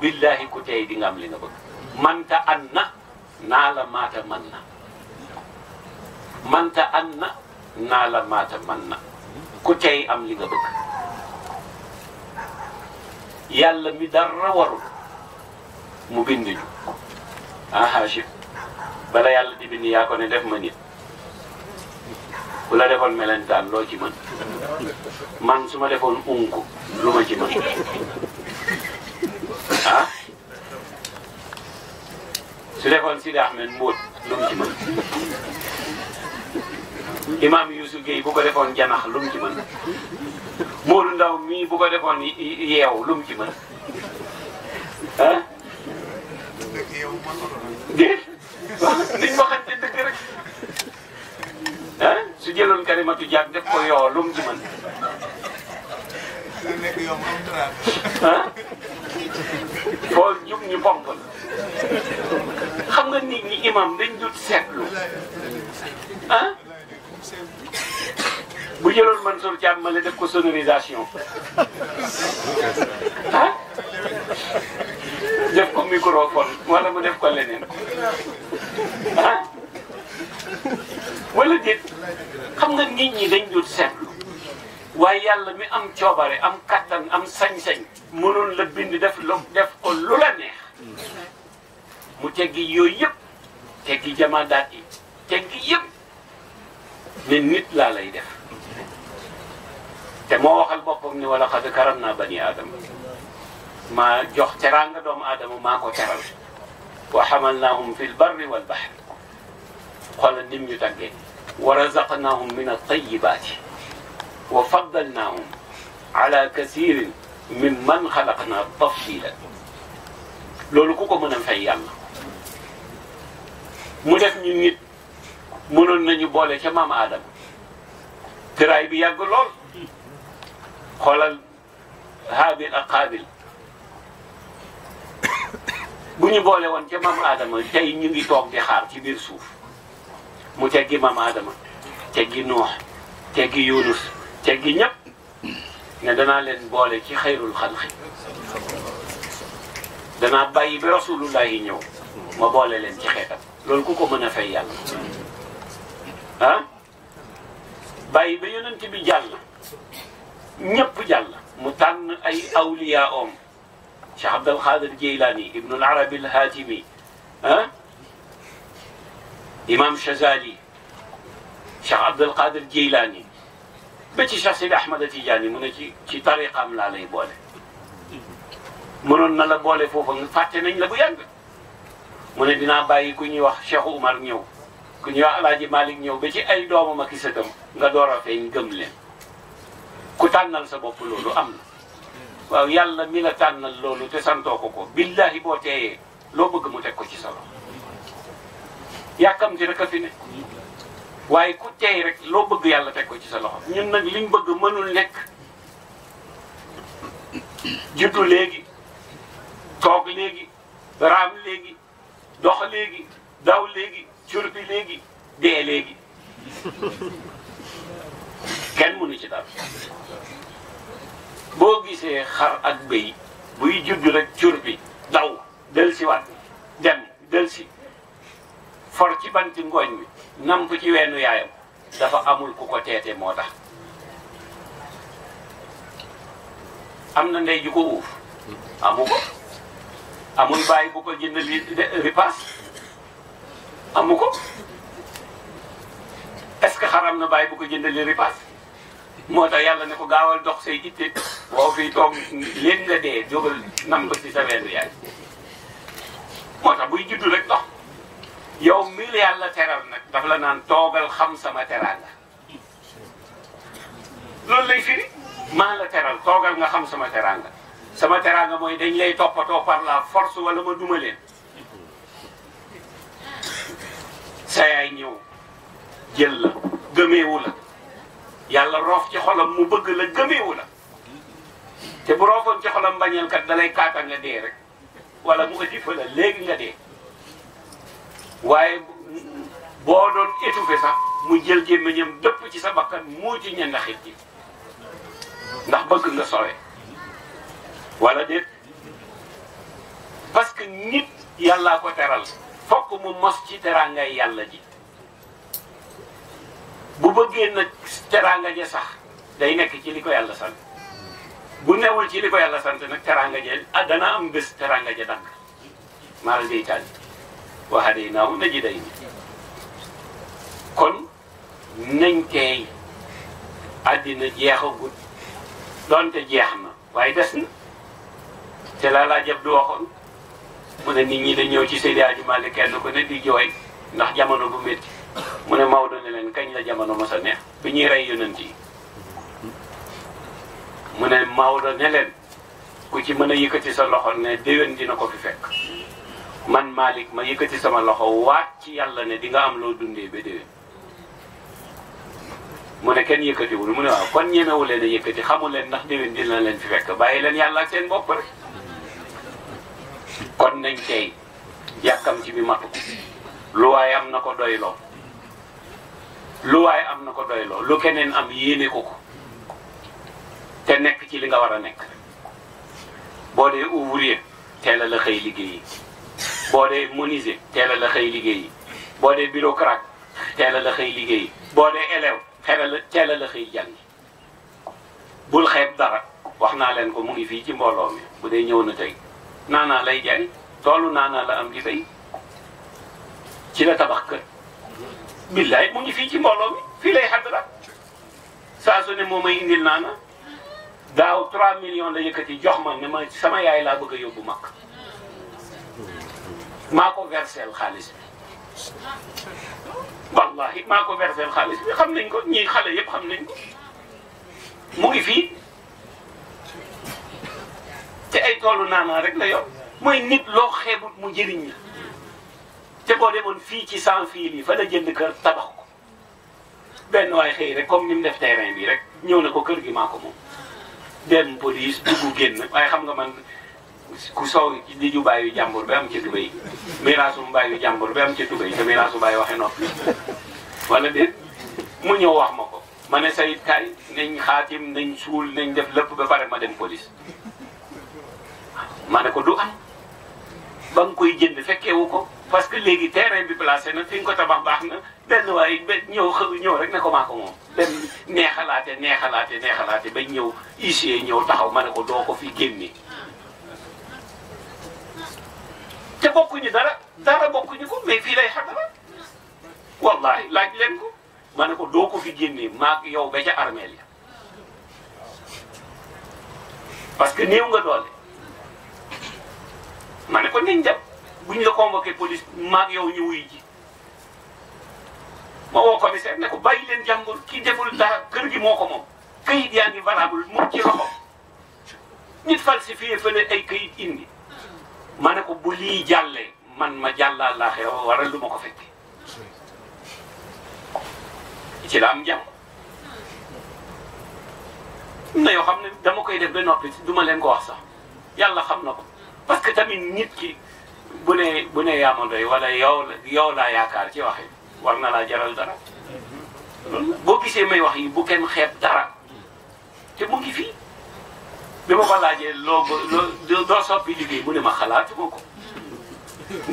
billahi ku tey di am li nga bëgg manta an na naa la maata man na manta an na naa la maata man na ku tey am li nga bëgg yàlla mi dara warul mu bind ñu aha jib bala yàlla di bind yaa ko ne def ma nit bu la defoon melentaan loo ci mën man su ma defoon unku lu ma ci ah su defoon Sidi Ahmed Mbóot lu mu ci mën imaam Youssou Guèye bu ko defoon janax lu ci mën Modou Ndaw mii bu ko defoon yeew lu ci mën ah déet niñ waxante dëgg rek ah su jëloon Karimatu Diak def ko yoo lu ci mën ah bool jub ñu pomp la xam nga nit ñi imam dañ dul seetlu ah bu jëloon Mansour jàmmale def ko sonorisation ah def ko microphone wala mu def ko leneen ah wala déet xam nga nit ñi dañ dul seetlu waaye yàlla mi am coobare am kattan am sañ-sañ mënoon la bind def lu def ko lu la neex mu teggi yooyu yëpp teggi jamaadaat yi teggi yëpp ne nit laa lay def te moo waxal boppam ni wala xad karam naa bani aadama maa jox teraanga doomu aadama maa ko teral wa xamalnaahum fi lbarri walbaxri xoolal nim ñu tàggee wa razaqnaahum min altayibaati wa faddalnaahum ala kasiirin min man xalaqnaa tafdiila loolu ku ko mën a fay yàlla mu def ñu nit mënoon nañu boole ca maam aadama tëraay bi yàgg lool xoolal haabil ak xaabil bu ñu boole woon ca maam aadama tey ñu ngi toog di xaar ci biir suuf mu teggi maam aadama teggi nuux teggi yunus teggi ñëpp ne danaa leen boole ci xayrul xalqi danaa bàyyi ba rasulullahi ñëw ma boole leen ci xeetam lool ku ko mën a fay yàlla ah bàyyi ba yonent bi jàll ñëpp jàll mu tànn ay awliya om Cheikh Abdul Xaadir Jeylaani Ibnu al Arabi al Haatimi ah Imam Chazali Cheikh Abdul Xaadir ba ci Cheikh Sidi Ahmada Tidiane mu ne ci ci tariqaam laa lay boole mënoon na la boole foofa fàtte nañ la bu yàgg mu ne dinaa bàyyi ku ñuy wax Cheikh Umar ñëw ku ñuy wax Alaaji Malik ñëw ba ci ay doomam ak i sëtam nga door a feeñ gëm ku tànnal sa bopp loolu am na waaw yàlla mi la tànnal loolu te santoo ko ko billahi boo teeyee loo bëgg mu teg ko ci solo yàkkamti rek a fi ne waaye ku tey rek loo bëgg yàlla teg ko ci sa loxo ñun nag liñ bëgg mënul nekk juddu léegi toog léegi raam léegi dox léegi daw léegi curpi léegi dee léegi kenn mënu ci dara boo gisee xar ak béy buy judd rek curpi daw del si waat dem del for ci banti ngooñ mi namp ci weenu yaayam dafa amul ku ko teete moo tax am na ndey ju ko uuf amu ko amul bàyyi bu ko jënd ripaas amu ko est que xaram na bàyyi bu ko jënd li ripaas moo tax yàlla ne ko gaawal dox say itte boo fi toog leen nga dee jógal namp ci sa weenu yaay moo tax buy juddu rek dox la yàlla teral nag daf la naan toogal xam sama teraanga loolu lay firi maa la teral toogal nga xam sama teraanga sama teraanga mooy dañ lay toppatoo par la force wala ma duma leen sa yaay ñëw jël la gëmeewu la yàlla roof ci xolam mu bëgg la gëmeewu la te bu roofoon ci xolam mbañeel kat dalay kaata nga dee rek wala mu ëddi fa la léegi nga dee waaye boo doon étouffé sax mu jël gémmiñam dëpp ci sa bakkan muuti ñenn xit ji ndax bëgg nga sowe wala déet parce que nit yàllaa ko teral fokk mu mos ci teraangay yàlla ji bu bëggee nag teraanga ja sax day nekk ci li ko yàlla sant bu newul ci li ko yàlla sant nag teraanga ja ah dana am bés teraanga ja dànk maa la day tànn waxaade yi naaw na ji day ni kon nañ teey àddina jeexagut doonte jeex na waaye des na te laa laa jab du waxoon mu ne nit ñi da ñëw ci Seydi Hadji Malick kenn ko ne di jooy ndax jamono bu métti mu ne Maodo ne leen kañ la jamono ma sa neex bi ñuy rey yonent yi mu ne Maodo ne leen ku ci mën a yëkkati sa loxo ne déwén dina ko fi fekk man Malick ma yëkkati sama loxo waa ci yàlla ne di nga am loo dundee ba déwén mu ne kenn yëkkatiwul mu ne waaw kon ñemewu leen a yëkkati xamul leen ndax déwén na leen fi fekk bàyyi leen yàlla ak seen bopp rek kon nañ tey yàkkam ci bi matu lu waaye am na ko doy loo lu am na ko doy lu keneen am yéene ko ko te nekk ci li nga war a nekk boo dee ouvrier teel a la xëy liggéeyi boo dee menuisier teel a la xëy liggéeyi boo dee bureaucrate teel a la xëy liggéeyi boo dee élève teel a teel a la xëy jàngi bul xeeb dara wax naa leen ko mu ngi fii ci mbooloo mi bu dee ñëw na tey naanaa lay jaay toolu naanaa la am di bay ci la tabax kër billaay mu ngi fii ci mbooloo mi fii lay xadra saa su ne moo may indil naana daaw 3 millions la yëkkati jox ma ne ma sama yaay laa bëgg a yóbbu mag maa ko versel xaalis bi wallahi maa ko versé xaalis bi xam nañ ko ñii xale yëpp xam nañ ko mu ngi fii te ay toolu naanaa rek la yo mooy nit loo xeebut mu jëriñ la te boo demoon fii ci sans fii yi fa la jënd kër tabax benn waay xëy rek comme ni mu def terrain bi rek ñëw na ko kër gi maa ko moom dem police dugg génn waaye xam nga man ku sow diju bàyyi jàmbur ba am ca tubéy miraasum bàyyi jàmbur ba am ca tubéy te miraasu bàyyi waxe noppi wala déet mu ñëw wax ma ko ma ne sayit kaay nañ xaatim nañ suul nañ def lépp ba pare ma dem police ma ne ko du am ba nga koy jënd fekkeewu ko parce que léegi terrain bi placé na fi nga ko tabax baax na benn waaye ñëw xëw ñëw rek ne ko maa ko moom benn neexalaate neexalaate neexalaate ba ñëw huissier ñëw taxaw ma ne ko doo ko fi génne te bokkuñu dara dara bokkuñu ko mais fii lay xadara wallahi laaj leen ko ma ne ko doo ko fi génnee maak yow ba ca armeel ya parce que néew nga doole ma ne ko niñ dem buñ la convoqué police maak yow ñu wuy ji ma woo commissaire ne ko bàyyi leen jàmbur kii deful dara kër gi moo ko moom kayit yaa ngi valable moom ci loxo nit falsifié fële ay kayit indi ma ne ko bu lii man ma jàll àllaaxira waral lu ma ko ci la am njàng na yoo xam ne dama koy def ba noppi du ma leen ko wax sax yàlla xam na ko parce que tamit nit ki bu ne bu ne wala yow yow laa yaakaar ci waxe war na laa jaral dara mhm. boo gisee may wax yi bu kenn xeeb dara bi ma ko laajee loo loo doo soppi liggéey mu ne ma xalaatu ma ko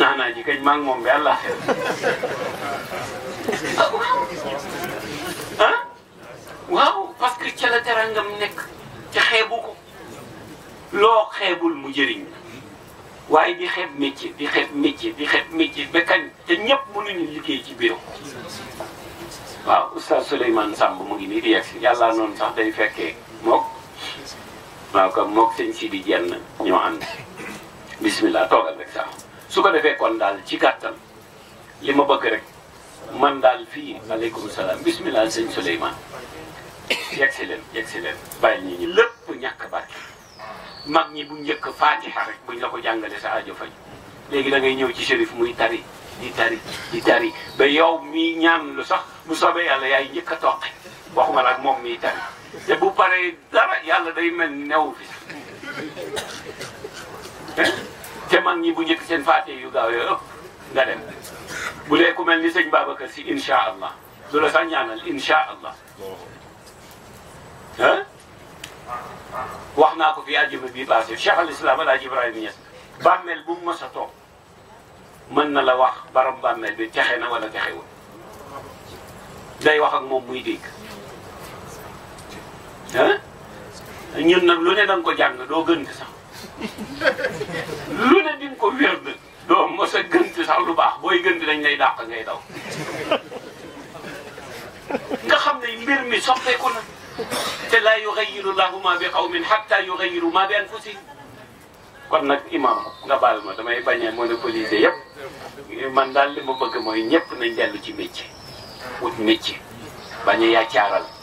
naanaa ji kañ maa moom bi àlla xel ah waaw ah ca la terangam nekk ca xeebu ko loo xeebul mu jëriñ waaye di xeeb métier di xeeb métier di xeeb métier ba kañ te ñëpp mënuñu liggéey ci bureau waaw oustaz Souleymane Samb mu ngi nii di yàlla noonu sax day fekkee mook waaw kam moog sëñ si di jenn ñoo ànd bismillah toogal rek sax su ko defee kon daal ci gàttal li ma bëgg rek man daal fii aleykum salaam bismillah sëñ Souleymane yegg si leen yegg si leen bàyyi ñi ñi lépp ñàkk mag ñi bu njëkk faatiha rek buñ la ko jàngale sa aajo faj léegi da ngay ñëw ci shérif muy tari di tari di tari ba yow mi ñaan lu sax bu soobee yàlla yaay njëkk a waxuma la ak moom miy tari te bu paree dara yàlla day mel new fi te mag ñi bu njëkk seen faate yu gaaw yooyu ëpp bu dee mel ni sëñ Babacar si incha allah du la sax ñaanal incha allah wax naa ko fi àjjuma bii passé Cheikh al Islam El Hadj Ibrahima Niass bàmmeel bu mu mës a mën na la wax baram bàmmeel bi texe na wala texewul day wax ak moom muy dégg. ah ñun nag lu ne da ko jàng doo gënt sax lu ne di ko wér de doo mos a gënt sax lu baax booy gënt dañ lay dàq ngay daw nga xam ne mbir mi soppeeku na te laa yuxayiru llahu ma bi qawmin xatta yuxayiru ma bi anfusihim kon nag imam nga baal ma damay bañ a monopoliser yëpp man daal li ma bëgg mooy ñëpp nañ dellu ci métier wut métier bañ a yaacaaral